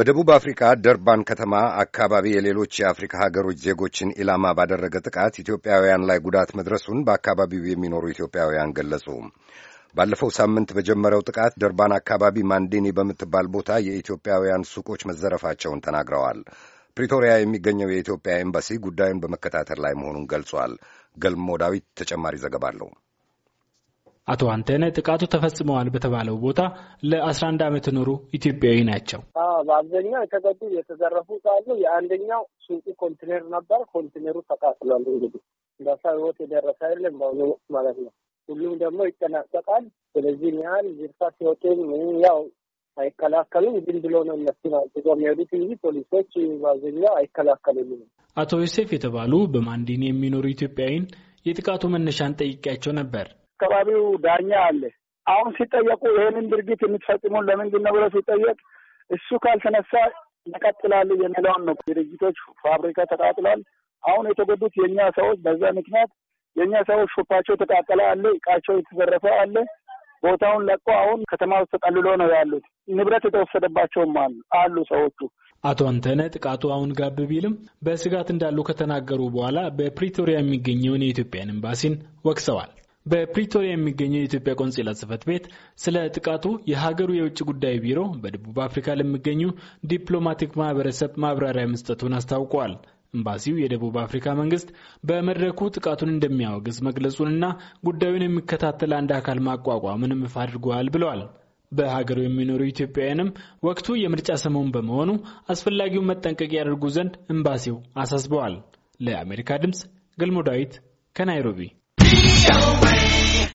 በደቡብ አፍሪካ ደርባን ከተማ አካባቢ የሌሎች የአፍሪካ ሀገሮች ዜጎችን ኢላማ ባደረገ ጥቃት ኢትዮጵያውያን ላይ ጉዳት መድረሱን በአካባቢው የሚኖሩ ኢትዮጵያውያን ገለጹ። ባለፈው ሳምንት በጀመረው ጥቃት ደርባን አካባቢ ማንዲኒ በምትባል ቦታ የኢትዮጵያውያን ሱቆች መዘረፋቸውን ተናግረዋል። ፕሪቶሪያ የሚገኘው የኢትዮጵያ ኤምባሲ ጉዳዩን በመከታተል ላይ መሆኑን ገልጿል። ገልሞ ዳዊት ተጨማሪ ዘገባ አለው። አቶ አንተነ ጥቃቱ ተፈጽመዋል በተባለው ቦታ ለ11 ዓመት ኖሩ ኢትዮጵያዊ ናቸው። በአብዛኛው የተገዱ የተዘረፉ ካሉ የአንደኛው ሱቁ ኮንቴነር ነበር። ኮንቴነሩ ተቃጥሏል። እንግዲህ በሰው ህይወት የደረሰ የለም በአሁኑ ወቅት ማለት ነው። ሁሉም ደግሞ ይጠናቀቃል። ስለዚህ ያህል ዝርፋ ሲወጡም ያው አይከላከሉም። ዝም ብሎ ነው እነሱ ናቸው የሚሄዱት እንጂ ፖሊሶች በአብዛኛው አይከላከሉልም። አቶ ዮሴፍ የተባሉ በማንዲን የሚኖሩ ኢትዮጵያዊን የጥቃቱ መነሻን ጠይቄያቸው ነበር። አካባቢው ዳኛ አለ። አሁን ሲጠየቁ ይህንን ድርጊት የምትፈጽሙን ለምንድን ነው ብለው ሲጠየቅ እሱ ካልተነሳ ይቀጥላል የሚለውን ነው። ድርጅቶች ፋብሪካ ተቃጥሏል። አሁን የተጎዱት የእኛ ሰዎች በዛ ምክንያት የእኛ ሰዎች ሹፓቸው ተቃጠለ አለ፣ እቃቸው የተዘረፈ አለ። ቦታውን ለቆ አሁን ከተማ ውስጥ ተጠልሎ ነው ያሉት። ንብረት የተወሰደባቸውም አሉ አሉ ሰዎቹ። አቶ አንተነ ጥቃቱ አሁን ጋብ ቢልም በስጋት እንዳሉ ከተናገሩ በኋላ በፕሪቶሪያ የሚገኘውን የኢትዮጵያን ኤምባሲን ወቅሰዋል። በፕሪቶሪያ የሚገኘው የኢትዮጵያ ቆንጽላ ጽህፈት ቤት ስለ ጥቃቱ የሀገሩ የውጭ ጉዳይ ቢሮ በደቡብ አፍሪካ ለሚገኙ ዲፕሎማቲክ ማህበረሰብ ማብራሪያ መስጠቱን አስታውቋል። ኤምባሲው የደቡብ አፍሪካ መንግስት በመድረኩ ጥቃቱን እንደሚያወግዝ መግለጹንና ጉዳዩን የሚከታተል አንድ አካል ማቋቋምን ይፋ አድርጓል ብለዋል። በሀገሩ የሚኖሩ ኢትዮጵያውያንም ወቅቱ የምርጫ ሰሞን በመሆኑ አስፈላጊውን መጠንቀቅ ያደርጉ ዘንድ ኤምባሲው አሳስበዋል። ለአሜሪካ ድምፅ ገልሞ ዳዊት ከናይሮቢ away.